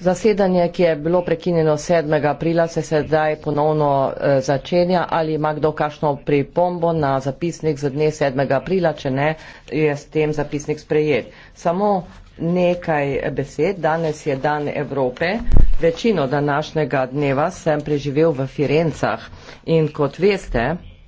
Zasedanje, ki je bilo prekinjeno 7. aprila, se sedaj ponovno eh, začenja. Ali ima kdo kakšno pripombo na zapisnik za dne 7. aprila, če ne, je s tem zapisnik sprejet. Samo nekaj besed. Danes je dan Evrope. Večino današnjega dneva sem preživel v Firencah in kot veste,